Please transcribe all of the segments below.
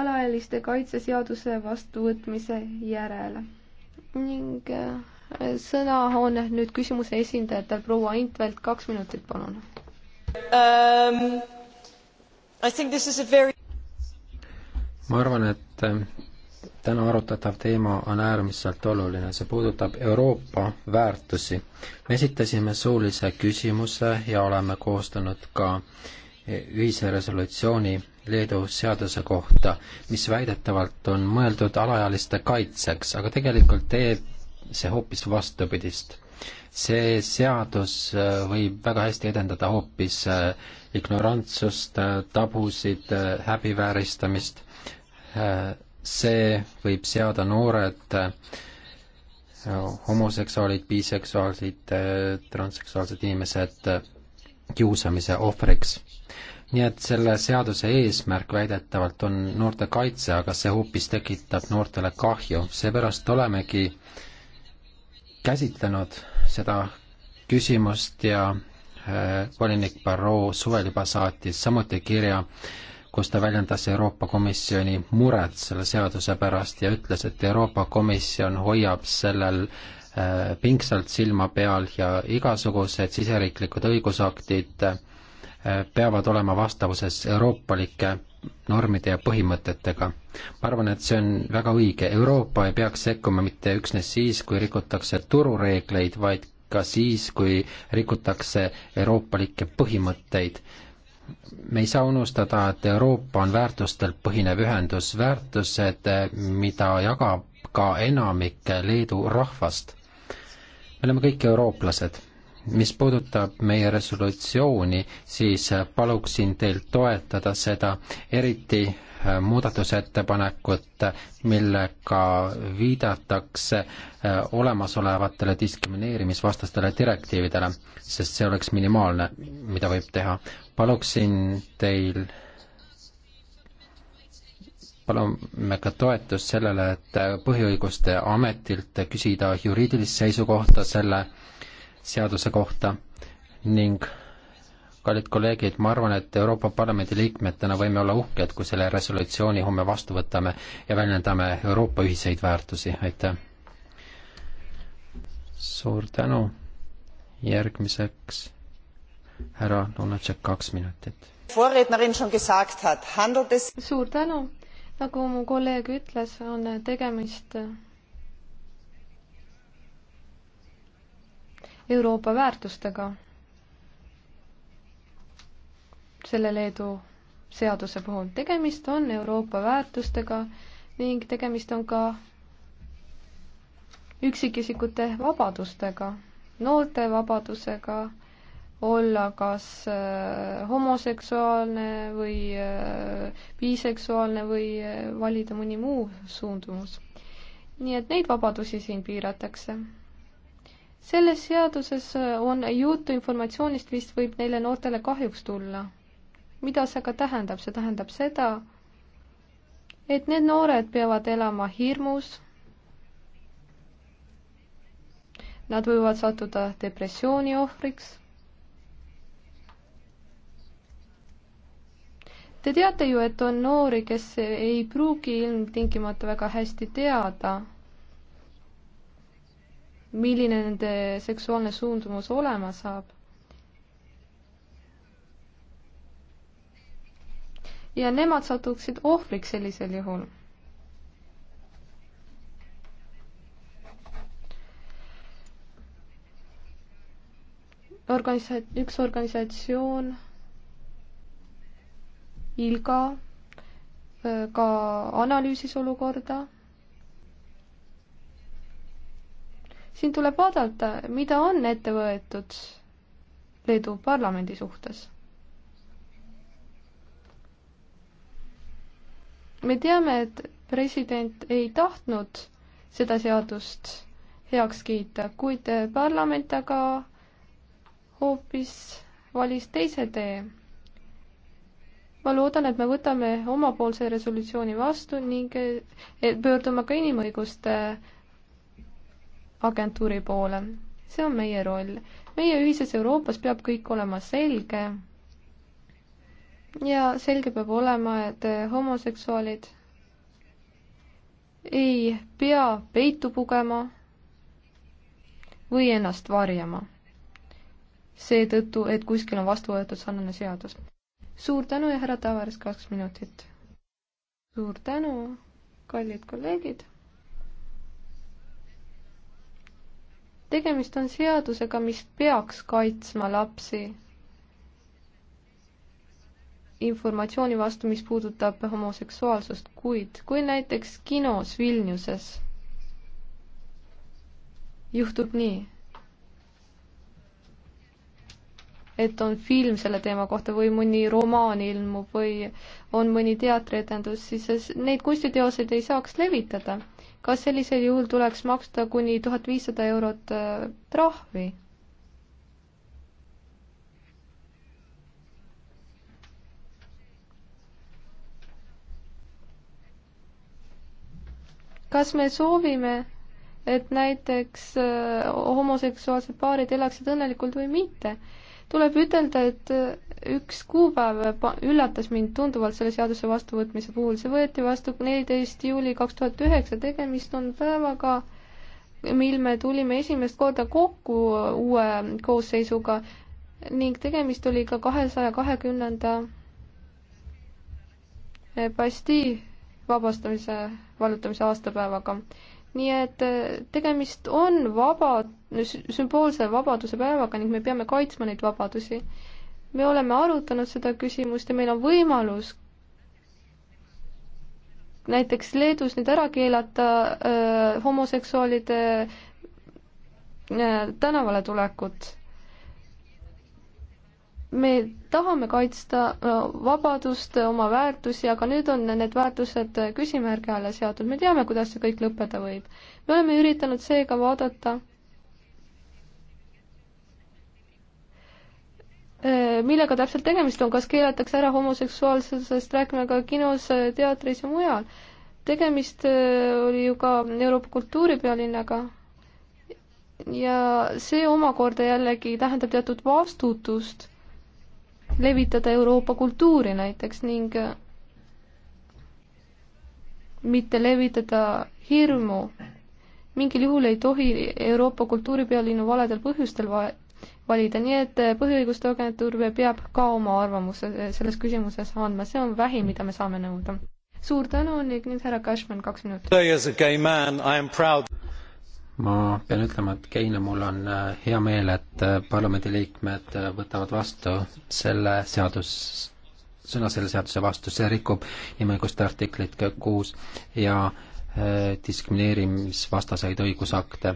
alaealiste kaitseseaduse vastuvõtmise järel. ning äh, sõna on nüüd küsimuse esindajatel, proua Intvelt, kaks minutit, palun um,. Very... ma arvan, et äh, täna arutatav teema on äärmiselt oluline, see puudutab Euroopa väärtusi. me esitasime suulise küsimuse ja oleme koostanud ka äh, ühise resolutsiooni Liidu seaduse kohta, mis väidetavalt on mõeldud alaealiste kaitseks, aga tegelikult teeb see hoopis vastupidist. see seadus äh, võib väga hästi edendada hoopis äh, ignorantsust, äh, tabusid, häbivääristamist, see võib seada noored homoseksuaalid, biseksuaalsed, transseksuaalsed inimesed kiusamise ohvriks nii et selle seaduse eesmärk väidetavalt on noorte kaitse, aga see hoopis tekitab noortele kahju, seepärast olemegi käsitlenud seda küsimust ja äh, volinik Barrot suvel juba saatis samuti kirja äh, kus ta väljendas Euroopa Komisjoni muret selle seaduse pärast ja ütles, et Euroopa Komisjon hoiab sellel äh, pingsalt silma peal ja igasugused siseriiklikud õigusaktid äh, peavad olema vastavuses euroopalike normide ja põhimõtetega. ma arvan, et see on väga õige, Euroopa ei peaks sekkuma mitte üksnes siis, kui rikutakse turureegleid, vaid ka siis, kui rikutakse euroopalikke põhimõtteid. me ei saa unustada, et Euroopa on väärtustel põhinev ühendus, väärtused, mida jagab ka enamik Leedu rahvast. me oleme kõik eurooplased mis puudutab meie resolutsiooni, siis paluksin teil toetada seda, eriti äh, muudatusettepanekut, millega viidatakse äh, olemasolevatele diskrimineerimisvastastele direktiividele, sest see oleks minimaalne, mida võib teha. paluksin teil palume ka toetust sellele, et Põhiõiguste Ametilt küsida juriidilist seisukohta selle äh, seaduse kohta ning kallid kolleegid, ma arvan, et Euroopa Parlamendi liikmetena võime olla uhked, kui selle resolutsiooni homme vastu võtame ja väljendame Euroopa ühiseid väärtusi, aitäh! suur tänu, järgmiseks härra Lunatšek, kaks minutit. suur tänu, nagu mu kolleeg ütles, on tegemist Euroopa väärtustega selle Leedu seaduse puhul. tegemist on Euroopa väärtustega ning tegemist on ka üksikisikute vabadustega, noorte vabadusega olla kas äh, homoseksuaalne või äh, biseksuaalne või äh, valida mõni muu suundumus. nii et neid vabadusi siin piiratakse selles seaduses äh, on juttu informatsioonist, mis võib neile noortele kahjuks tulla. mida see aga tähendab, see tähendab seda, et need noored peavad elama hirmus, nad võivad sattuda depressiooni ohvriks. Te teate ju, et on noori, kes ei pruugi ilmtingimata väga hästi teada milline nende seksuaalne suundumus olema saab. ja nemad satuksid ohvriks sellisel juhul organisa-, üks organisatsioon, ILGA, ka analüüsis olukorda siin tuleb vaadata, mida on ette võetud Leedu parlamendi suhtes. me teame, et president ei tahtnud seda seadust heaks kiita, kuid parlament aga hoopis valis teise tee. ma loodan, et me võtame omapoolse resolutsiooni vastu ning eh, pöördume ka inimõiguste agentuuri poole. see on meie roll. meie ühises Euroopas peab kõik olema selge. ja selge peab olema, et homoseksuaalid ei pea peitu pugema või ennast varjama. seetõttu, et kuskil on vastu võetud sarnane seadus. suur tänu ja härra Tavares, kaks minutit. suur tänu, kallid kolleegid tegemist on seadusega, mis peaks kaitsma lapsi informatsiooni vastu, mis puudutab homoseksuaalsust, kuid kui näiteks kinos Vilniuses juhtub nii, et on film selle teema kohta või mõni romaan ilmub või on mõni teatrietendus, siis neid kunstiteoseid ei saaks levitada kas sellisel juhul tuleks maksta kuni tuhat viissada eurot äh, trahvi? kas me soovime, et näiteks äh, homoseksuaalsed paarid elaksid õnnelikult või mitte? tuleb ütelda, et äh, üks kuupäev äh, üllatas mind tunduvalt selle seaduse vastuvõtmise puhul, see võeti vastu neliteist juuli kaks tuhat üheksa, tegemist on päevaga, mil me tulime esimest korda kokku äh, uue koosseisuga ning tegemist oli ka kahesaja kahekümnenda Basti vabastamise, vallutamise aastapäevaga nii et äh, tegemist on vaba, sümboolse vabaduse päevaga ning me peame kaitsma neid vabadusi. me oleme arutanud seda küsimust ja meil on võimalus näiteks Leedus nüüd ära keelata öö, äh, homoseksuaalide öö, äh, tänavale tulekut me tahame kaitsta vabadust, oma väärtusi, aga nüüd on need väärtused küsimärgi alla seatud, me teame, kuidas see kõik lõppeda võib. me oleme üritanud seega vaadata, millega täpselt tegemist on, kas keelatakse ära homoseksuaalsusest rääkima ka kinos, teatris ja mujal. tegemist oli ju ka Euroopa kultuuripealinnaga ja see omakorda jällegi tähendab teatud vastutust levitada Euroopa kultuuri näiteks ning mitte levitada hirmu. mingil juhul ei tohi Euroopa kultuuripealinnu valedel põhjustel va valida, nii et Põhiõiguste Agentuur peab ka oma arvamuse selles küsimuses andma, see on vähim, mida me saame nõuda. suur tänu ning nüüd härra Cashman, kaks minutit ma pean ütlema, et Keina, mul on äh, hea meel, et äh, parlamendiliikmed äh, võtavad vastu selle seadus, sõna selle seaduse vastu, see rikub inimõiguste artiklit kuus ja diskrimineerimisvastaseid õigusakte.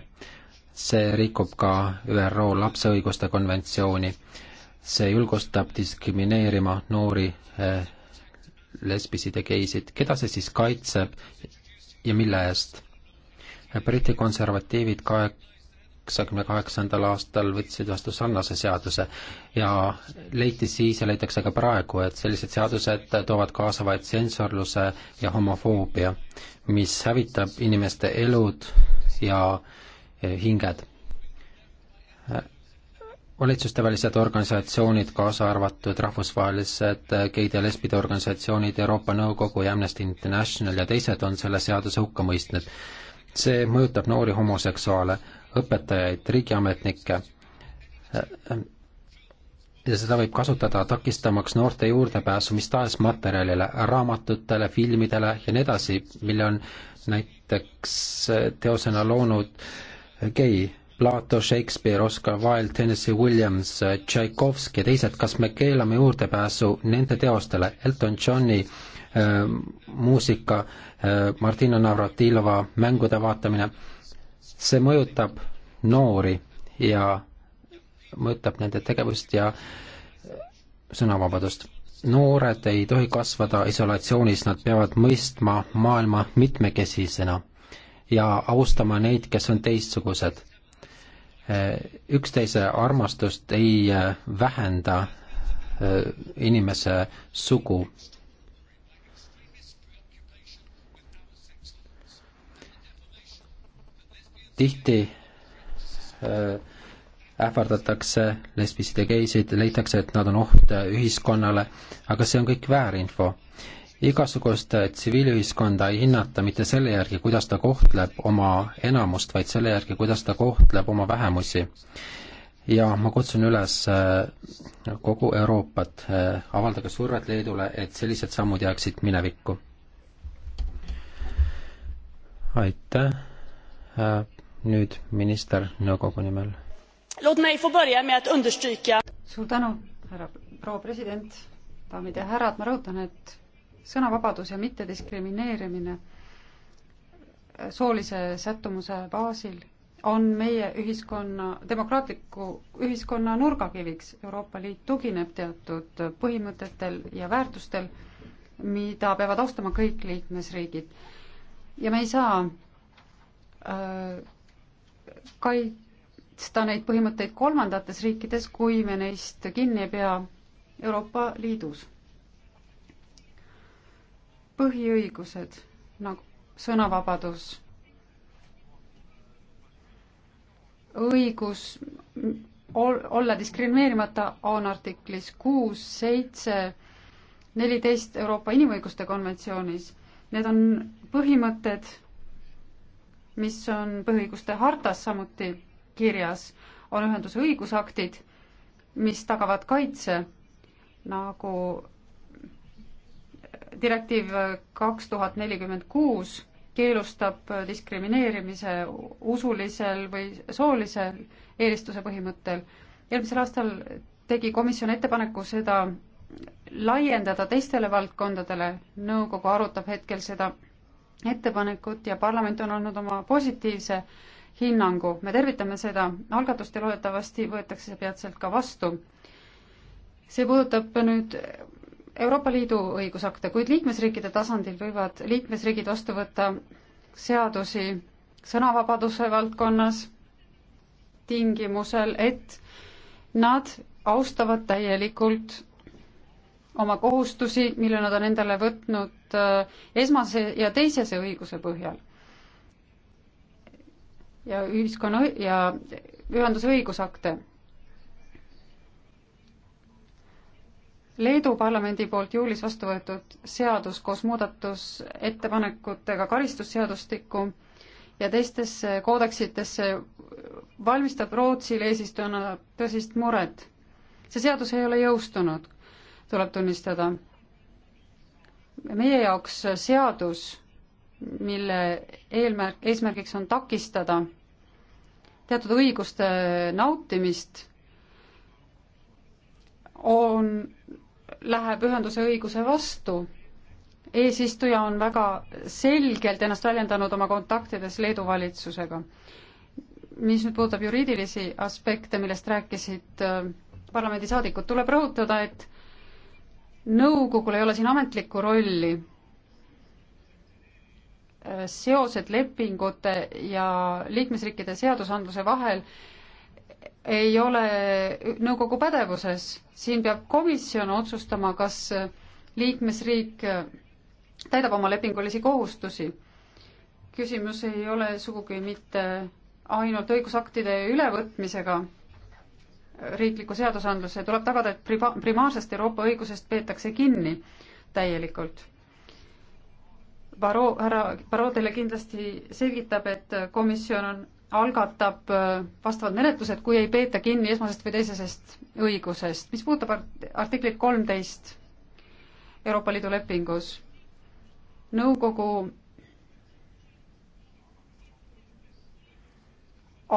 see rikub ka ÜRO lapse õiguste konventsiooni. see julgustab diskrimineerima noori lesbisid ja geisid. keda see siis kaitseb ja mille eest? Briti konservatiivid kaheksakümne kaheksandal aastal võtsid vastu sarnase seaduse ja leiti siis ja leitakse ka praegu, et sellised seadused toovad kaasa vaid tsensorluse ja homofoobia, mis hävitab inimeste elud ja eh, hinged valitsustevälised organisatsioonid, kaasa arvatud rahvusvahelised geid ja lesbide organisatsioonid, Euroopa Nõukogu ja Amnesty International ja teised on selle seaduse hukka mõistnud see mõjutab noori homoseksuaale, õpetajaid, riigiametnikke ja seda võib kasutada takistamaks noorte juurdepääsu mis tahes materjalile, raamatutele, filmidele ja nii edasi, mille on näiteks teosena loonud gei, Plato, Shakespeare, Oscar Wilde, Tennessee Williams, Tšaikovski ja teised, kas me keelame juurdepääsu nende teostele, Elton Johni äh, Äh, muusika, äh, Martina Navratilova mängude vaatamine, see mõjutab noori ja mõjutab nende tegevust ja sõnavabadust. noored ei tohi kasvada isolatsioonis, nad peavad mõistma maailma mitmekesisena ja austama neid, kes on teistsugused. Äh, üksteise armastust ei vähenda inimese sugu tihti äh, ähvardatakse lesbisid ja geisid, leitakse, et nad on oht ühiskonnale, aga see on kõik väärinfo. igasugust tsiviilühiskonda ei hinnata mitte selle järgi, kuidas ta kohtleb oma enamust, vaid selle järgi, kuidas ta kohtleb oma vähemusi. ja ma kutsun üles äh, kogu Euroopat, äh, avaldage survet Leedule, et sellised sammud jääksid minevikku. aitäh nüüd minister nõukogu nimel. suur tänu, härra proua president, daamid ja härrad, ma rõhutan, et sõnavabadus ja mittediskrimineerimine soolise sättumuse baasil on meie ühiskonna, demokraatliku ühiskonna nurgakiviks. Euroopa Liit tugineb teatud põhimõtetel ja väärtustel, mida peavad austama kõik liikmesriigid. ja me ei saa öö, äh, kaitsta neid põhimõtteid kolmandates riikides, kui me neist kinni ei pea Euroopa Liidus. põhiõigused nagu sõnavabadus, õigus olla diskrimineerimata on artiklis kuus, seitse, neliteist Euroopa Inimõiguste konventsioonis. Need on põhimõtted mis on põhiõiguste hartas samuti kirjas, on ühenduse õigusaktid, mis tagavad kaitse nagu direktiiv kaks tuhat nelikümmend kuus keelustab diskrimineerimise usulisel või soolisel eelistuse põhimõttel. eelmisel aastal tegi komisjon ettepaneku seda laiendada teistele valdkondadele, nõukogu arutab hetkel seda ettepanekut ja parlament on andnud oma positiivse hinnangu. me tervitame seda algatust ja loodetavasti võetakse see peatselt ka vastu. see puudutab nüüd Euroopa Liidu õigusakte, kuid liikmesriikide tasandil võivad liikmesriigid vastu võtta seadusi sõnavabaduse valdkonnas tingimusel, et nad austavad täielikult oma kohustusi, mille nad on endale võtnud äh, esmase ja teisese õiguse põhjal. ja ühiskonna ja ühenduse õigusakte. Leedu parlamendi poolt juulis vastu võetud seadus koos muudatusettepanekutega karistusseadustikku ja teistesse koodeksitesse valmistab Rootsil eesistujana tõsist muret. see seadus ei ole jõustunud tuleb tunnistada. meie jaoks seadus, mille eelmärk, eesmärgiks on takistada teatud õiguste nautimist, on, läheb ühenduse õiguse vastu. eesistuja on väga selgelt ennast väljendanud oma kontaktides Leedu valitsusega. mis nüüd puudutab juriidilisi aspekte, millest rääkisid äh, parlamendisaadikud, tuleb rõhutada, et nõukogul ei ole siin ametlikku rolli. seosed lepingute ja liikmesriikide seadusandluse vahel ei ole nõukogu pädevuses, siin peab komisjon otsustama, kas liikmesriik täidab oma lepingulisi kohustusi. küsimus ei ole sugugi mitte ainult õigusaktide ülevõtmisega riiklikku seadusandlusse, tuleb tagada, et priva-, primaarsest Euroopa õigusest peetakse kinni täielikult. Baro, härra Baro teile kindlasti selgitab, et komisjon on, algatab äh, vastavad menetlused, kui ei peeta kinni esmasest või teisesest õigusest. mis puudutab artiklit kolmteist Euroopa Liidu lepingus, nõukogu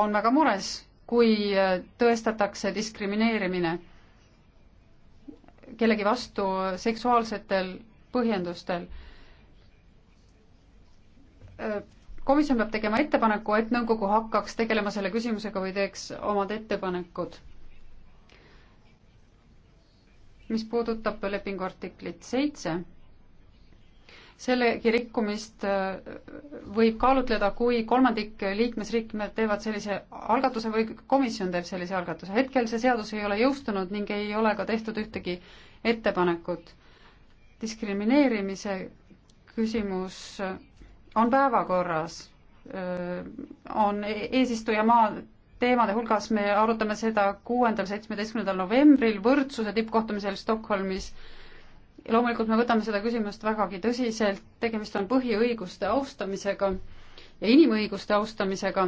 on väga mures kui äh, tõestatakse diskrimineerimine kellegi vastu seksuaalsetel põhjendustel. Äh, komisjon peab tegema ettepaneku, et nõukogu hakkaks tegelema selle küsimusega või teeks omad ettepanekud. mis puudutab lepingu artiklit seitse sellegi rikkumist äh, võib kaalutleda, kui kolmandik liikmesriikmed teevad sellise algatuse või komisjon teeb sellise algatuse. hetkel see seadus ei ole jõustunud ning ei ole ka tehtud ühtegi ettepanekut. diskrimineerimise küsimus on päevakorras, äh, on e-, eesistujamaa teemade hulgas, me arutame seda kuuendal, seitsmeteistkümnendal novembril võrdsuse tippkohtumisel Stockholmis ja loomulikult me võtame seda küsimust vägagi tõsiselt, tegemist on põhiõiguste austamisega ja inimõiguste austamisega.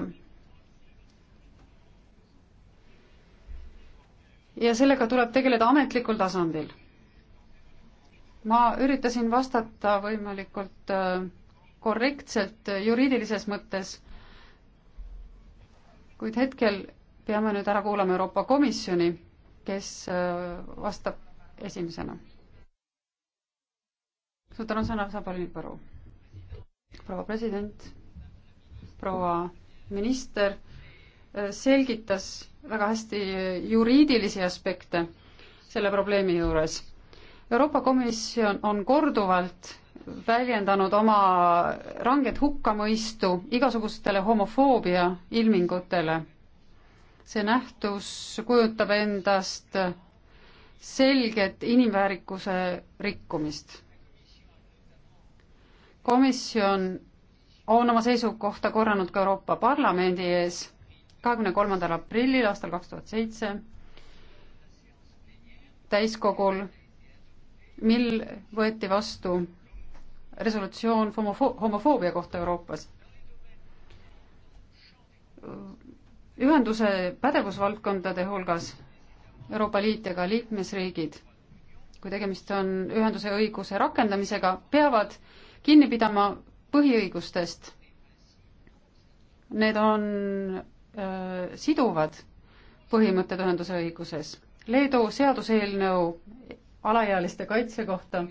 ja sellega tuleb tegeleda ametlikul tasandil. ma üritasin vastata võimalikult äh, korrektselt juriidilises mõttes, kuid hetkel peame nüüd ära kuulama Euroopa Komisjoni, kes äh, vastab esimesena suur tänu, sõna saab Alvi Põru. proua president, proua minister äh, selgitas väga hästi juriidilisi aspekte selle probleemi juures. Euroopa Komisjon on korduvalt väljendanud oma ranget hukkamõistu igasugustele homofoobia ilmingutele. see nähtus kujutab endast selget inimväärikuse rikkumist komisjon on oma seisukohta korranud ka Euroopa Parlamendi ees kahekümne kolmandal aprillil aastal kaks tuhat seitse täiskogul, mil võeti vastu resolutsioon homofo-, homofoobia kohta Euroopas. ühenduse pädevusvaldkondade hulgas Euroopa Liit ja ka liikmesriigid, kui tegemist on ühenduse õiguse rakendamisega, peavad kinni pidama põhiõigustest. Need on öö, siduvad põhimõtted ühenduse õiguses. Leedu seaduseelnõu alaealiste kaitse kohta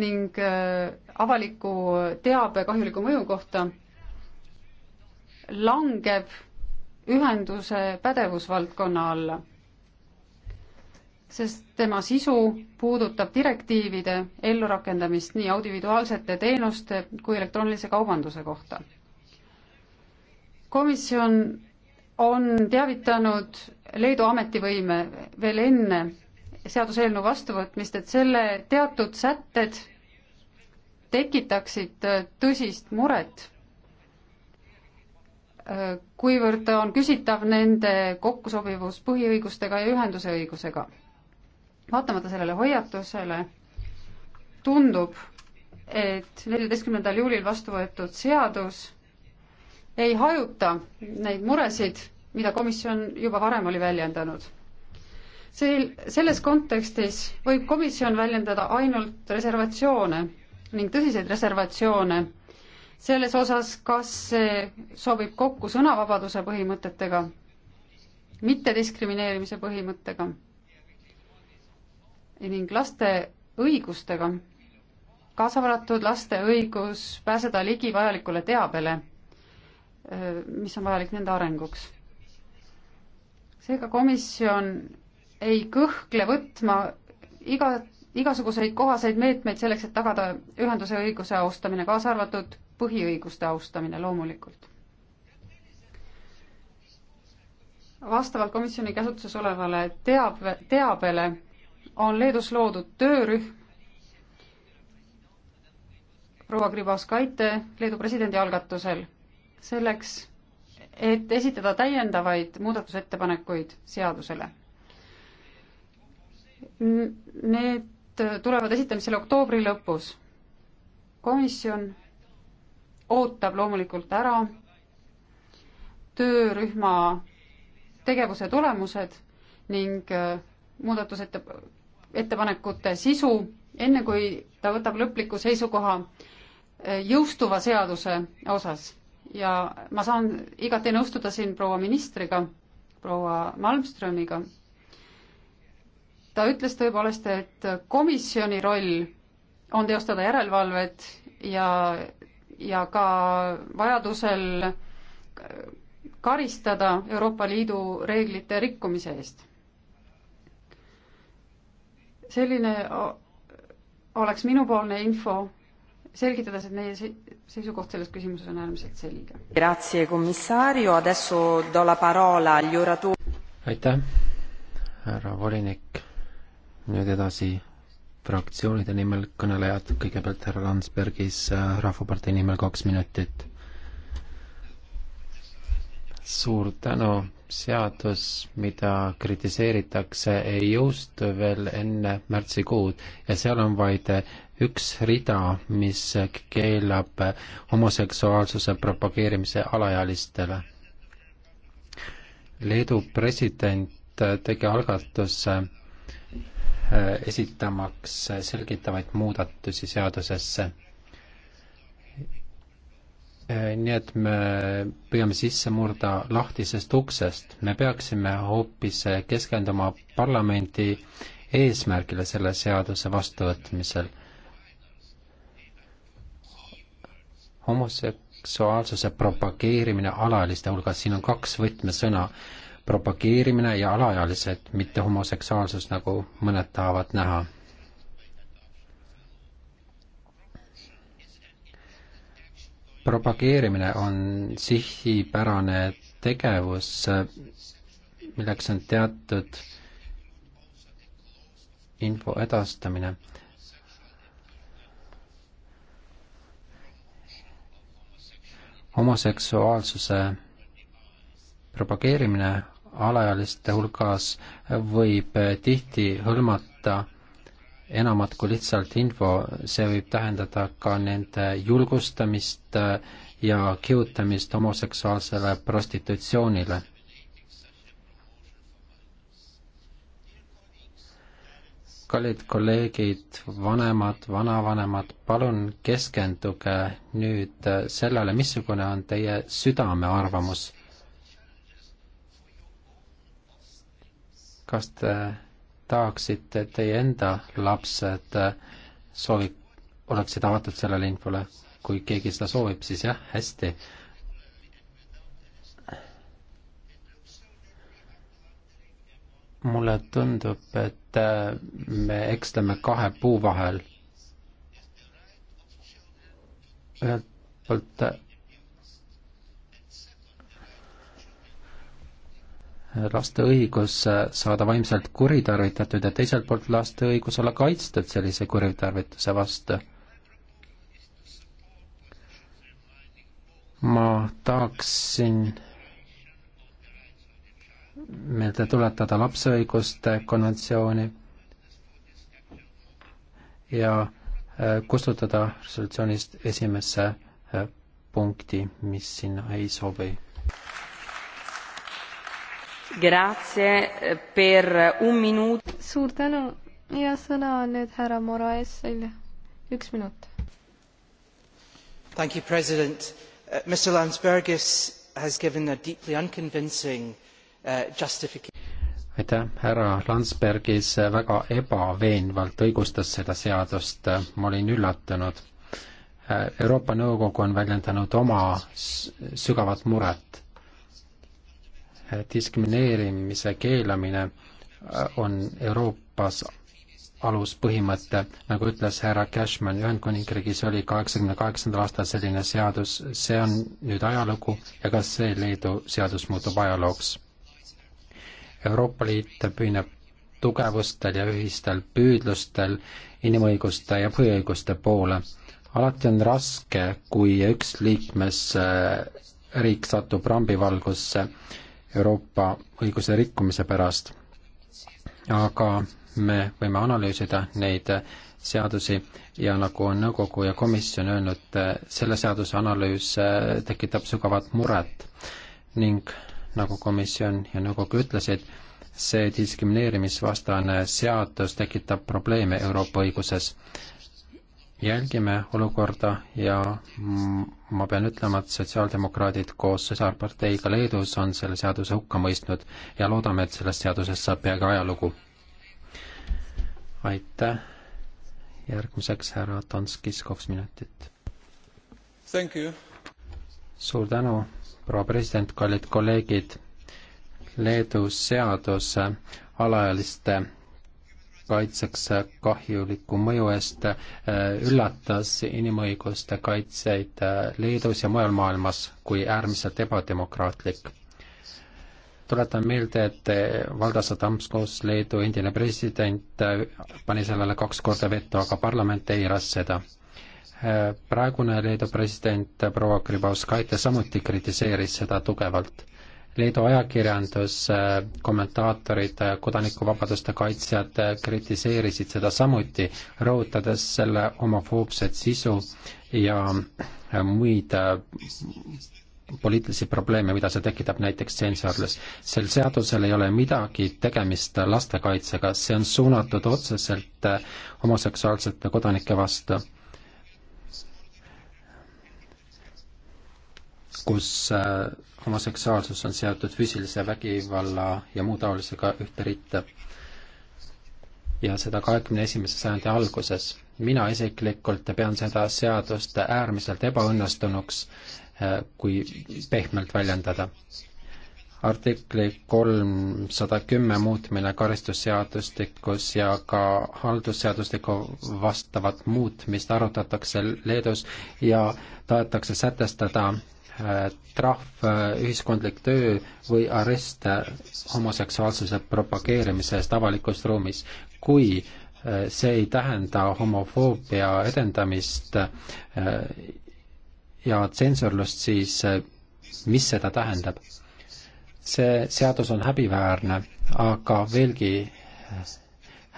ning avaliku teabe kahjuliku mõju kohta langeb ühenduse pädevusvaldkonna alla sest tema sisu puudutab direktiivide ellurakendamist nii audiovisuaalsete teenuste kui elektroonilise kaubanduse kohta. komisjon on teavitanud Leedu ametivõime veel enne seaduseelnõu vastuvõtmist, et selle teatud sätted tekitaksid tõsist muret, kuivõrd on küsitav nende kokkusobivus põhiõigustega ja ühenduse õigusega vaatamata sellele hoiatusele tundub, et neljateistkümnendal juulil vastu võetud seadus ei hajuta neid muresid, mida komisjon juba varem oli väljendanud. see, selles kontekstis võib komisjon väljendada ainult reservatsioone ning tõsiseid reservatsioone selles osas, kas see sobib kokku sõnavabaduse põhimõtetega, mittediskrimineerimise põhimõttega ning laste õigustega, kaasa arvatud laste õigus pääseda ligi vajalikule teabele, mis on vajalik nende arenguks. seega komisjon ei kõhkle võtma iga, igasuguseid kohaseid meetmeid selleks, et tagada ühenduse õiguse austamine, kaasa arvatud põhiõiguste austamine loomulikult. vastavalt komisjoni käsutuses olevale teab, teabele on Leedus loodud töörühm proua Gribauskaite Leedu presidendi algatusel selleks, et esitada täiendavaid muudatusettepanekuid seadusele. Need tulevad esitamisele oktoobri lõpus. komisjon ootab loomulikult ära töörühma tegevuse tulemused ning äh, muudatusette-, ettepanekute sisu, enne kui ta võtab lõpliku seisukoha eh, jõustuva seaduse osas. ja ma saan igati nõustuda siin proua ministriga, proua Malmströmiga. ta ütles tõepoolest, et komisjoni roll on teostada järelevalvet ja, ja ka vajadusel karistada Euroopa Liidu reeglite rikkumise eest selline oleks minupoolne info, selgitades, et meie seisukoht selles küsimuses on äärmiselt selge. aitäh, härra volinik. nüüd edasi fraktsioonide nimel kõnelejad, kõigepealt härra Landsbergis äh, Rahvapartei nimel kaks minutit suur tänu, seadus, mida kritiseeritakse, ei jõustu veel enne märtsikuud ja seal on vaid üks rida, mis keelab homoseksuaalsuse propageerimise alaealistele. Leedu president tegi algatuse äh, esitamaks selgitavaid muudatusi seadusesse Eh, nii et me püüame sisse murda lahtisest uksest. me peaksime hoopis eh, keskenduma parlamendi eesmärgile selle seaduse vastuvõtmisel. homoseksuaalsuse propageerimine alaliste hulgas, siin on kaks võtmesõna, propageerimine ja alaealised, mitte homoseksuaalsus, nagu mõned tahavad näha propageerimine on sihipärane tegevus, milleks on teatud info edastamine. homoseksuaalsuse propageerimine alaealiste hulgas võib tihti hõlmata enamat kui lihtsalt info, see võib tähendada ka nende julgustamist äh, ja kihutamist homoseksuaalsele prostitutsioonile. kallid kolleegid, vanemad, vanavanemad, palun keskenduge nüüd äh, sellele, missugune on teie südame arvamus. kas te tahaksite, et teie enda lapsed äh, soovi-, oleksid avatud sellele infole, kui keegi seda soovib, siis jah, hästi. mulle tundub, et äh, me eksleme kahe puu vahel. ühelt poolt äh, laste õigus äh, saada vaimselt kuritarvitatud ja teiselt poolt laste õigus olla kaitstud sellise kuritarvituse vastu. ma tahaksin meelde tuletada lapse õiguste konventsiooni ja äh, kustutada resolutsioonist esimesse äh, punkti, mis sinna ei sobi. Eh, suur tänu ja sõna on nüüd härra Moraesil, üks minut. Thank you, president. Uh, Mr Landsbergis has given a deeply unconvincing uh, justification aitäh, härra Landsbergis väga ebaveenvalt õigustas seda seadust, ma olin üllatunud. Uh, Euroopa Nõukogu on väljendanud oma sügavat muret diskrimineerimise keelamine äh, on Euroopas aluspõhimõte, nagu ütles härra Cashman, Ühendkuningriigis oli kaheksakümne kaheksandal aastal selline seadus, see on nüüd ajalugu ja kas see Leedu seadus muutub ajalooks? Euroopa Liit püüneb tugevustel ja ühistel püüdlustel inimõiguste ja põhiõiguste poole. alati on raske, kui üks liikmesriik äh, satub rambivalgusse äh, Euroopa õiguse rikkumise pärast. aga me võime analüüsida neid seadusi ja nagu on nõukogu ja komisjon öelnud, selle seaduse analüüs äh, tekitab sügavat muret ning nagu komisjon ja nõukogu ütlesid, see diskrimineerimisvastane seadus tekitab probleeme Euroopa õiguses jälgime olukorda ja ma pean ütlema, et sotsiaaldemokraadid koos sõsarparteiga Leedus on selle seaduse hukka mõistnud ja loodame, et sellest seadusest saab peagi ajalugu. aitäh, järgmiseks härra Tonskis kaks minutit. suur tänu, proua president, kallid kolleegid, Leedu seadus alaealiste kaitseks kahjuliku mõju eest äh, üllatas inimõiguste kaitsjaid äh, Leedus ja mujal maailmas kui äärmiselt ebademokraatlik. tuletan meelde, et äh, Valdas Adamskos, Leedu endine president, pani sellele kaks korda veto, aga parlament eiras seda praegune Leedu president proua Kribauskaite samuti kritiseeris seda tugevalt. Leedu ajakirjandus, äh, kommentaatorid, äh, kodanikuvabaduste kaitsjad äh, kritiseerisid seda samuti, rõhutades selle homofoobset sisu ja muid poliitilisi probleeme, mida see tekitab näiteks tsensorlus. sel seadusel ei ole midagi tegemist lastekaitsega, see on suunatud otseselt homoseksuaalsete kodanike vastu kus äh, homoseksuaalsus on seotud füüsilise vägivalla ja muu taolisega ühte ritta. ja seda kahekümne esimese sajandi alguses. mina isiklikult pean seda seadust äärmiselt ebaõnnestunuks, äh, kui pehmelt väljendada. artikli kolmsada kümme muutmine karistusseadustikus ja ka haldusseadustiku vastavat muutmist arutatakse Leedus ja tahetakse sätestada Äh, trahv, äh, ühiskondlik töö või arest äh, homoseksuaalsuse propageerimise eest avalikus ruumis, kui see ei tähenda homofoobia edendamist ja tsensorlust, siis mis seda tähendab? see seadus on häbiväärne, aga veelgi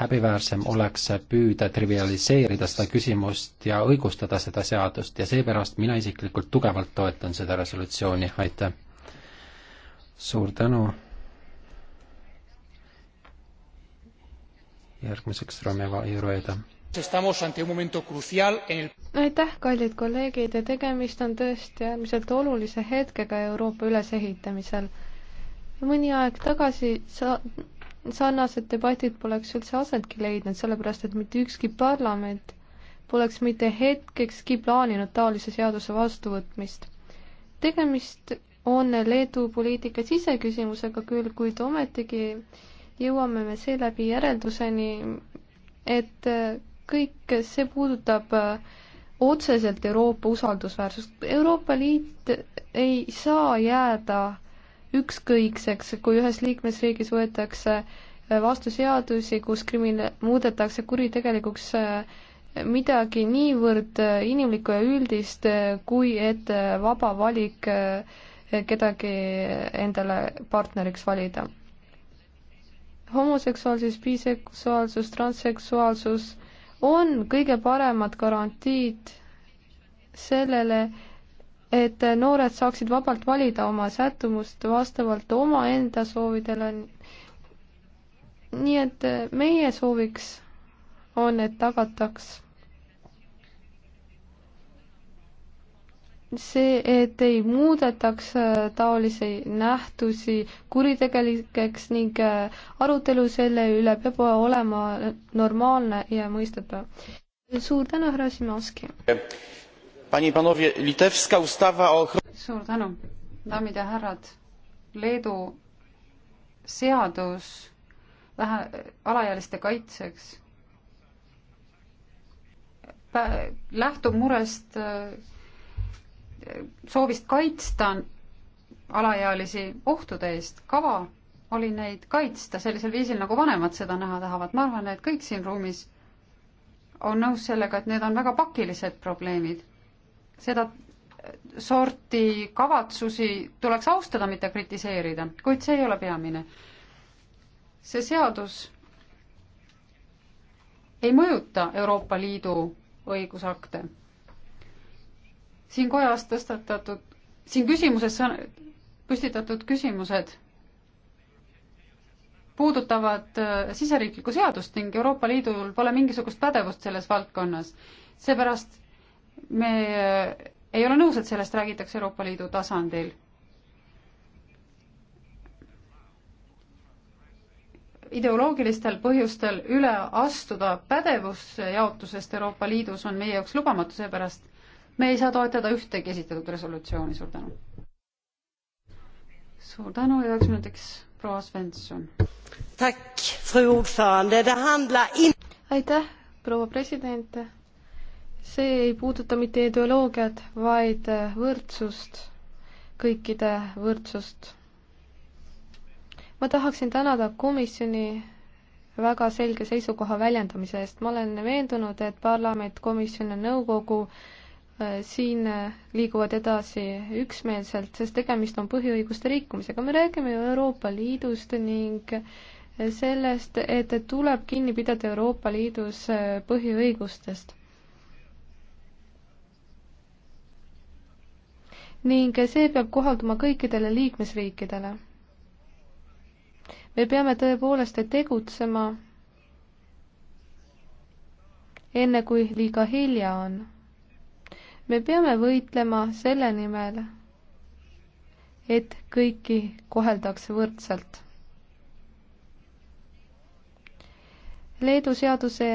häbiväärsem oleks püüda trivialiseerida seda küsimust ja õigustada seda seadust ja seepärast mina isiklikult tugevalt toetan seda resolutsiooni, aitäh! suur tänu! järgmiseks Romeva Irueda. aitäh, kallid kolleegid, ja tegemist on tõesti äärmiselt olulise hetkega Euroopa ülesehitamisel. mõni aeg tagasi sa-, sarnased debatid poleks üldse asetki leidnud, sellepärast et mitte ükski parlament poleks mitte hetkekski plaaninud taolise seaduse vastuvõtmist. tegemist on Leedu poliitika siseküsimusega küll, kuid ometigi jõuame me seeläbi järelduseni, et kõik see puudutab otseselt Euroopa usaldusväärsust. Euroopa Liit ei saa jääda äh, ükskõikseks, kui ühes liikmesriigis võetakse äh, vastu seadusi, kus krimine-, muudetakse kuritegelikuks äh, midagi niivõrd äh, inimlikku ja üldist, kui et vaba valik kedagi endale partneriks valida homoseksuaalsus, biseksuaalsus, transseksuaalsus on kõige paremad garantiid sellele, et noored saaksid vabalt valida oma sättumust vastavalt omaenda soovidele. nii et meie sooviks on, et tagataks see, et ei muudetaks taolisi nähtusi kuritegelikeks ning arutelu selle üle peab olema normaalne ja mõistetav. suur tänu, härra Simovski! litewska ustawa o suur tänu, daamid ja härrad. Leedu seadus vähe, alaealiste kaitseks lähtub murest, äh, soovist kaitsta alaealisi ohtude eest. kava oli neid kaitsta sellisel viisil, nagu vanemad seda näha tahavad. ma arvan, et kõik siin ruumis on nõus sellega, et need on väga pakilised probleemid seda sorti kavatsusi tuleks austada, mitte kritiseerida, kuid see ei ole peamine. see seadus ei mõjuta Euroopa Liidu õigusakte. siin kojas tõstatatud, siin küsimuses püstitatud küsimused puudutavad äh, siseriiklikku seadust ning Euroopa Liidul pole mingisugust pädevust selles valdkonnas. seepärast me äh, ei ole nõus, et sellest räägitakse Euroopa Liidu tasandil. ideoloogilistel põhjustel üle astuda pädevusjaotusest Euroopa Liidus on meie jaoks lubamatu, seepärast me ei saa toetada ühtegi esitatud resolutsiooni, suur tänu. suur tänu ja üheks minutiks proua Svensson. aitäh, proua president see ei puuduta mitte ideoloogiat, vaid võrdsust, kõikide võrdsust. ma tahaksin tänada komisjoni väga selge seisukoha väljendamise eest. ma olen veendunud, et parlament, komisjon ja nõukogu äh, siin äh, liiguvad edasi üksmeelselt, sest tegemist on põhiõiguste rikkumisega. me räägime ju Euroopa Liidust ning äh, sellest, et tuleb kinni pidada Euroopa Liidus põhiõigustest ning see peab kohalduma kõikidele liikmesriikidele. me peame tõepoolest tegutsema enne, kui liiga hilja on. me peame võitlema selle nimel, et kõiki koheldakse võrdselt. Leedu seaduse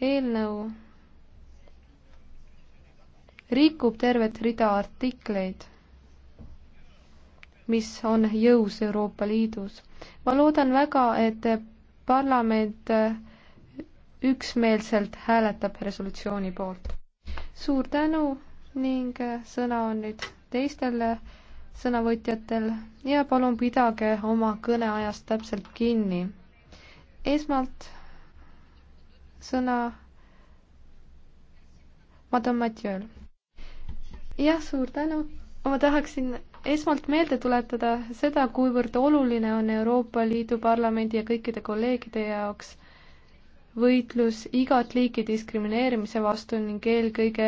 eelnõu rikub tervet rida artikleid mis on jõus Euroopa Liidus. ma loodan väga, et parlament äh, üksmeelselt hääletab resolutsiooni poolt. suur tänu ning äh, sõna on nüüd teistel äh, sõnavõtjatel ja palun pidage oma kõneajast täpselt kinni. esmalt sõna Madame Mathieu. jah, suur tänu. ma tahaksin esmalt meelde tuletada seda, kuivõrd oluline on Euroopa Liidu Parlamendi ja kõikide kolleegide jaoks võitlus igat liiki diskrimineerimise vastu ning eelkõige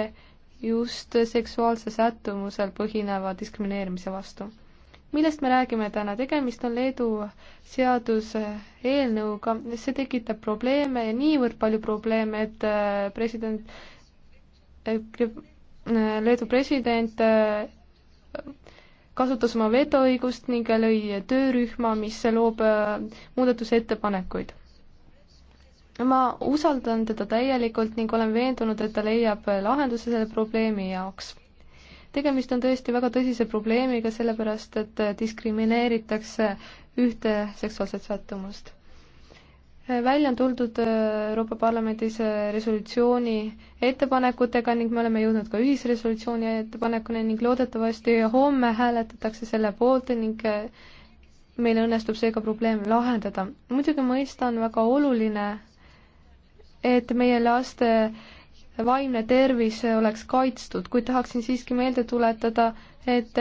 just seksuaalse sättumusel põhineva diskrimineerimise vastu. millest me räägime täna, tegemist on Leedu seaduseelnõuga, see tekitab probleeme ja niivõrd palju probleeme, et äh, president, äh, Leedu president äh, kasutas oma vetoõigust ning lõi töörühma, mis loob äh, muudatusettepanekuid. ma usaldan teda täielikult ning olen veendunud, et ta leiab lahenduse selle probleemi jaoks. tegemist on tõesti väga tõsise probleemiga, sellepärast et diskrimineeritakse ühte seksuaalset sättumust välja on tuldud äh, Euroopa Parlamendis äh, resolutsiooni ettepanekutega ning me oleme jõudnud ka ühisresolutsiooni ettepanekuni ning loodetavasti homme hääletatakse selle poolt ning äh, meil õnnestub seega probleem lahendada. muidugi mõista on väga oluline, et meie laste vaimne tervis oleks kaitstud, kuid tahaksin siiski meelde tuletada, et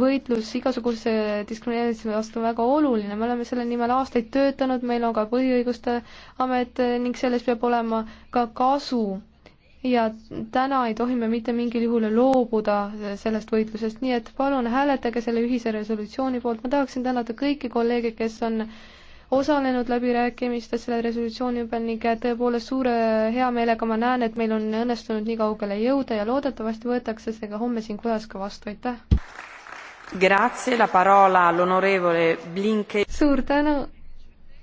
võitlus igasuguse diskrimineerimise vastu väga oluline, me oleme selle nimel aastaid töötanud, meil on ka põhiõiguste amet ning sellest peab olema ka kasu. ja täna ei tohi me mitte mingil juhul loobuda sellest võitlusest, nii et palun hääletage selle ühise resolutsiooni poolt, ma tahaksin tänada kõiki kolleege, kes on osalenud läbirääkimistes selle resolutsiooni ümber ning tõepoolest suure heameelega ma näen, et meil on õnnestunud nii kaugele jõuda ja loodetavasti võetakse see ka homme siin kojas ka vastu, aitäh! suur tänu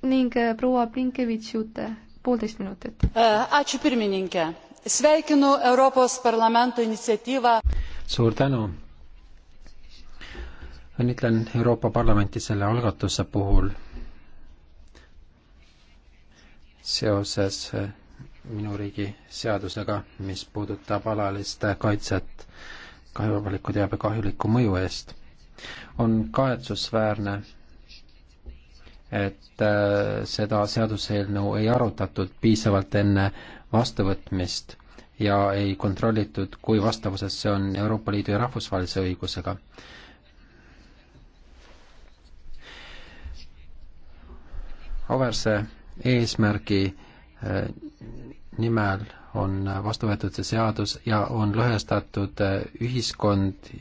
ning eh, proua Blinkevičiute, poolteist minutit. Eh, ačiū pirmininkė. Sveikinu Europos Parlamento initsiatyvą. suur tänu. õnnitlen Euroopa Parlamenti selle algatuse puhul seoses eh, minu riigi seadusega, mis puudutab alaliste kaitset kahjuvabaliku teabe kahjuliku mõju eest on kahetsusväärne, et äh, seda seaduseelnõu ei arutatud piisavalt enne vastuvõtmist ja ei kontrollitud, kui vastavuses see on Euroopa Liidu ja rahvusvahelise õigusega. Auväärse eesmärgi äh, nimel on vastu võetud see seadus ja on lõhestatud äh, ühiskond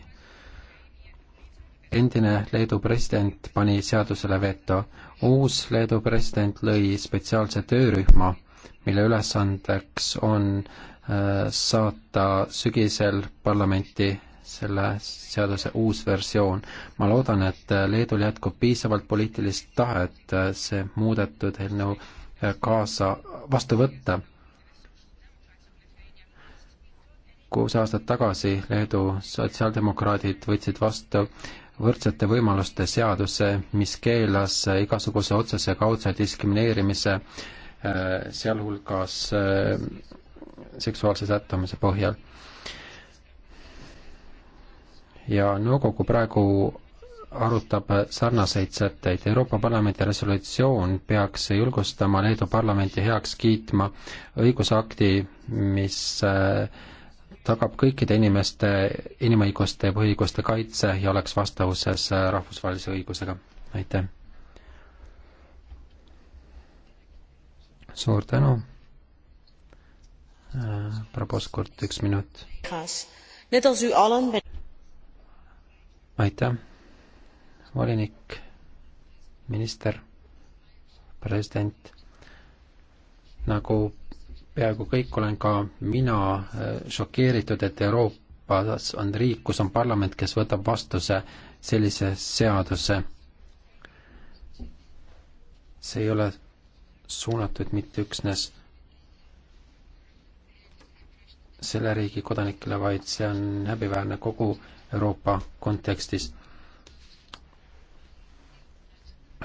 endine Leedu president pani seadusele veto. uus Leedu president lõi spetsiaalse töörühma, mille ülesandeks on äh, saata sügisel parlamenti selle seaduse uus versioon. ma loodan, et Leedul jätkub piisavalt poliitilist tahet äh, see muudetud eelnõu äh, kaasa, vastu võtta. kuus aastat tagasi Leedu sotsiaaldemokraadid võtsid vastu võrdsete võimaluste seaduse, mis keelas igasuguse otsese kaudse diskrimineerimise, äh, sealhulgas äh, seksuaalse sättumise põhjal. ja nõukogu praegu arutab sarnaseid sätteid. Euroopa Parlamendi resolutsioon peaks julgustama Leedu parlamenti heaks kiitma õigusakti, mis äh, tagab kõikide inimeste inimõiguste ja põhiõiguste kaitse ja oleks vastavuses rahvusvahelise õigusega. aitäh! suur tänu! Praboskurt, äh, üks minut. aitäh! volinik, minister, president, nagu peaaegu kõik olen ka mina äh, šokeeritud, et Euroopas on riik, kus on parlament, kes võtab vastuse sellise seaduse. see ei ole suunatud mitte üksnes selle riigi kodanikele, vaid see on häbiväärne kogu Euroopa kontekstis.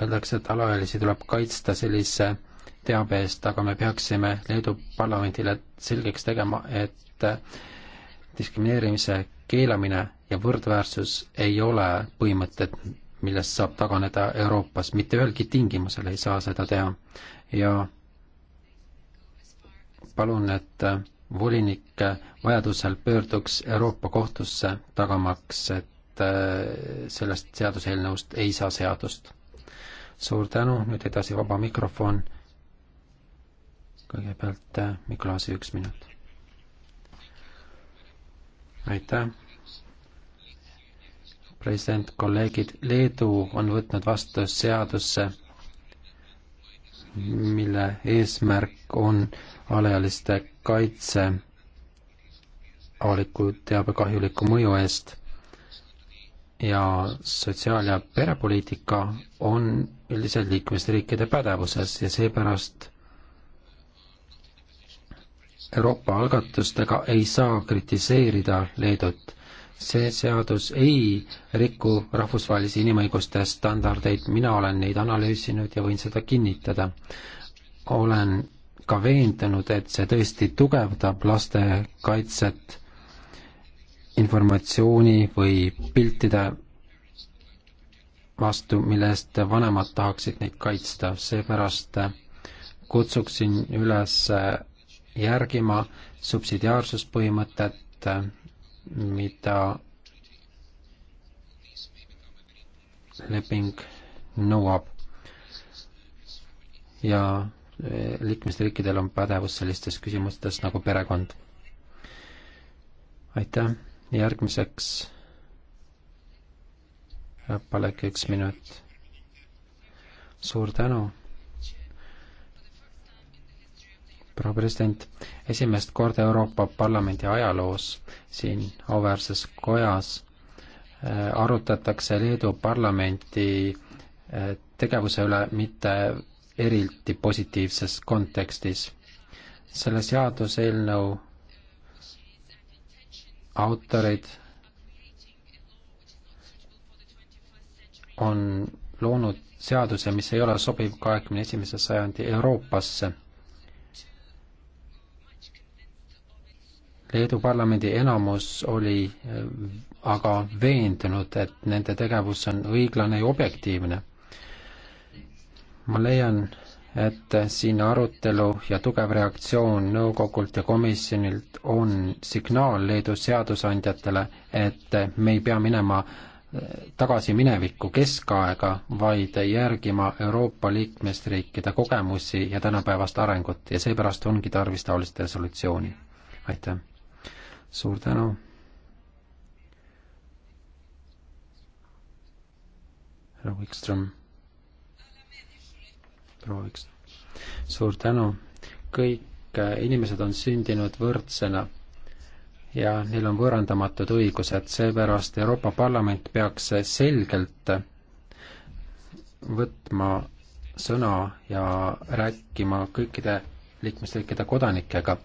Öeldakse, et alaealisi tuleb kaitsta sellise teabe eest, aga me peaksime Leedu parlamendile selgeks tegema, et diskrimineerimise keelamine ja võrdväärsus ei ole põhimõtted, millest saab taganeda Euroopas, mitte ühelgi tingimusel ei saa seda teha. ja palun, et volinik vajadusel pöörduks Euroopa kohtusse, tagamaks, et äh, sellest seaduseelnõust ei saa seadust. suur tänu, nüüd edasi vaba mikrofon kõigepealt Miklasi äh, üks minut. aitäh. president, kolleegid, Leedu on võtnud vastu seadusse, mille eesmärk on alaealiste kaitse avaliku teabe kahjuliku mõju eest ja sotsiaal- ja perepoliitika on üldiselt liikmesriikide pädevuses ja seepärast Euroopa algatustega ei saa kritiseerida Leedut. see seadus ei riku rahvusvahelisi inimõiguste standardeid, mina olen neid analüüsinud ja võin seda kinnitada. olen ka veendunud, et see tõesti tugevdab laste kaitset informatsiooni või piltide vastu, mille eest vanemad tahaksid neid kaitsta, seepärast kutsuksin üles järgima subsidiaarsuspõhimõtet, mida leping nõuab. ja e, liikmesriikidel on pädevus sellistes küsimustes nagu perekond. aitäh, järgmiseks palun üks minut. suur tänu proua president, esimest korda Euroopa Parlamendi ajaloos siin auväärses kojas äh, arutatakse Leedu parlamenti äh, tegevuse üle mitte eriti positiivses kontekstis. selle seaduseelnõu autorid on loonud seaduse, mis ei ole sobiv kahekümne esimese sajandi Euroopasse Leedu parlamendi enamus oli eh, aga veendunud, et nende tegevus on õiglane ja objektiivne. ma leian, et siin arutelu ja tugev reaktsioon nõukogult ja komisjonilt on signaal Leedu seadusandjatele, et me ei pea minema eh, tagasi minevikku keskaega, vaid järgima Euroopa liikmesriikide kogemusi ja tänapäevast arengut ja seepärast ongi tarvis taolist resolutsiooni. aitäh! suur tänu. härra Wikström. proua Wikström. suur tänu. kõik äh, inimesed on sündinud võrdsena ja neil on võõrandamatud õigused, seepärast Euroopa Parlament peaks selgelt võtma sõna ja rääkima kõikide liikmesriikide kodanikega.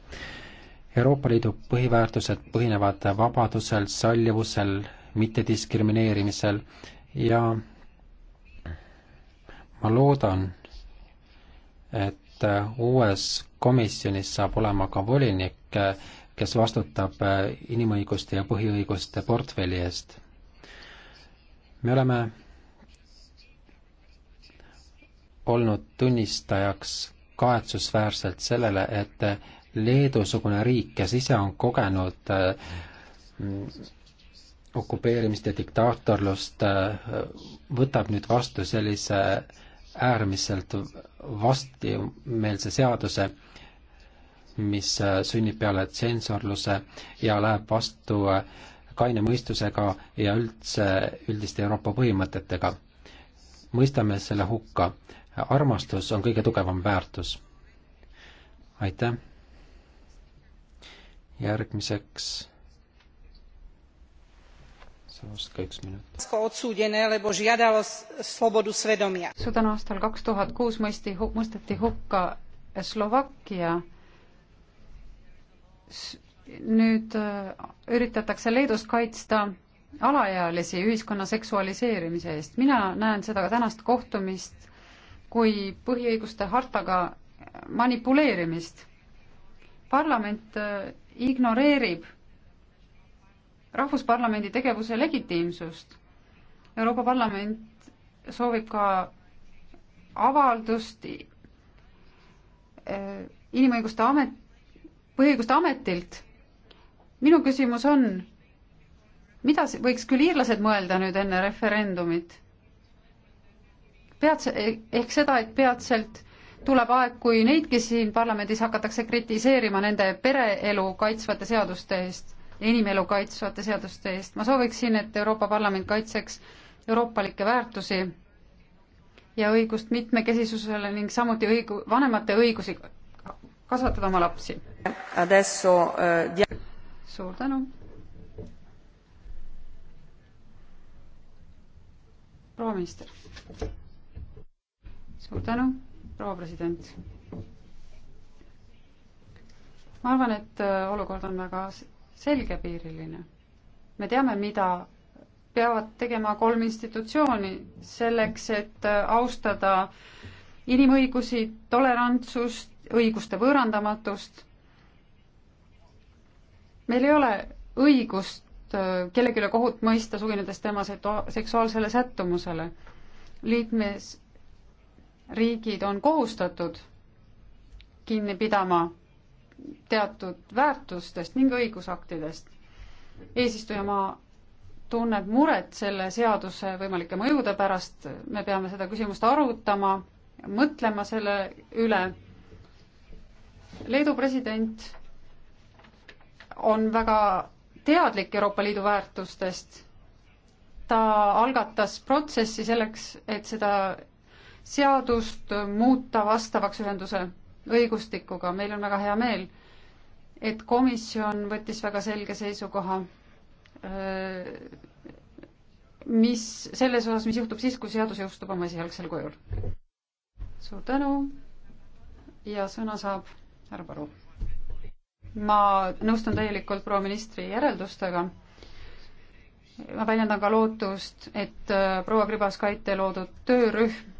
Euroopa Liidu põhiväärtused põhinevad vabadusel, sallivusel, mittediskrimineerimisel ja ma loodan, et uues komisjonis saab olema ka volinik, kes vastutab inimõiguste ja põhiõiguste portfelli eest. me oleme olnud tunnistajaks kahetsusväärselt sellele, et Leedu-sugune riik, kes ise on kogenud äh, okupeerimist ja diktaatorlust, äh, võtab nüüd vastu sellise äärmiselt vastumeelse seaduse, mis äh, sünnib peale tsensorluse ja läheb vastu kaine mõistusega ja üldse üldiste Euroopa põhimõtetega. mõistame selle hukka. armastus on kõige tugevam väärtus. aitäh! järgmiseks odsúdené, lebo žiadalo slobodu svedomia. Sudan aastal 2006 mõisti, mõisteti hukka Slovakkia. Nüüd äh, üritatakse Leedus kaitsta alaealisi ühiskonna seksualiseerimise eest. Mina näen seda ka tänast kohtumist kui põhiõiguste hartaga manipuleerimist. Parlament äh, ignoreerib Rahvusparlamendi tegevuse legitiimsust. Euroopa Parlament soovib ka avaldust eh, inimõiguste amet, põhiõiguste ametilt. minu küsimus on, mida võiks küll iirlased mõelda nüüd enne referendumit? peatse-, eh, ehk seda, et peatselt tuleb aeg, kui neidki siin parlamendis hakatakse kritiseerima nende pereelu kaitsvate seaduste eest, inimelu kaitsvate seaduste eest. ma sooviksin, et Euroopa Parlament kaitseks euroopalikke väärtusi ja õigust mitmekesisusele ning samuti õigu-, vanemate õigusi kasvatada oma lapsi. Eh, suur tänu. proua minister. suur tänu proua president. ma arvan, et äh, olukord on väga selgepiiriline. me teame, mida peavad tegema kolm institutsiooni selleks, et äh, austada inimõigusi, tolerantsust, õiguste võõrandamatust. meil ei ole õigust äh, kellelegi kohut mõista, suginedes tema seksuaalsele sättumusele. liikmes, riigid on kohustatud kinni pidama teatud väärtustest ning õigusaktidest. eesistujamaa tunneb muret selle seaduse võimalike mõjude pärast, me peame seda küsimust arutama, mõtlema selle üle. Leedu president on väga teadlik Euroopa Liidu väärtustest. ta algatas protsessi selleks, et seda seadust muuta vastavaks ühenduse õigustikuga. meil on väga hea meel, et komisjon võttis väga selge seisukoha, äh, mis selles osas, mis juhtub siis, kui seadus jõustub oma esialgsel kujul. suur tänu ja sõna saab härra Paru. ma nõustun täielikult proua ministri järeldustega ma väljendan ka lootust, et äh, proua Kribaskaite loodud töörühm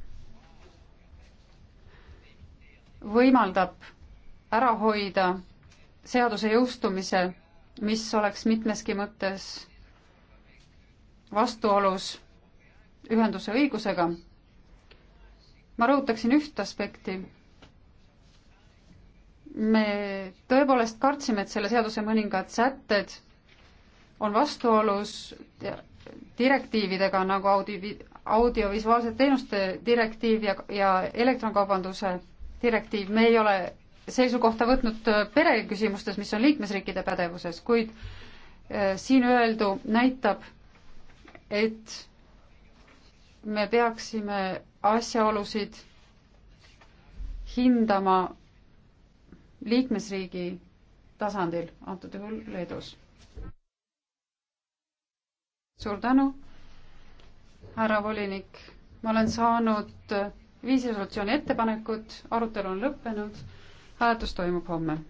võimaldab ära hoida seaduse jõustumise, mis oleks mitmeski mõttes vastuolus ühenduse õigusega. ma rõhutaksin üht aspekti. me tõepoolest kartsime, et selle seaduse mõningad sätted on vastuolus direktiividega nagu audi-, audiovisuaalsete teenuste direktiiv ja, ja elektronkaubanduse direktiiv, me ei ole seisukohta võtnud äh, pereküsimustes, mis on liikmesriikide pädevuses, kuid äh, siin öeldu näitab, et me peaksime asjaolusid hindama liikmesriigi tasandil, antud juhul Leedus. suur tänu, härra volinik, ma olen saanud äh, viis resolutsiooni ettepanekut, arutelu on lõppenud, hääletus toimub homme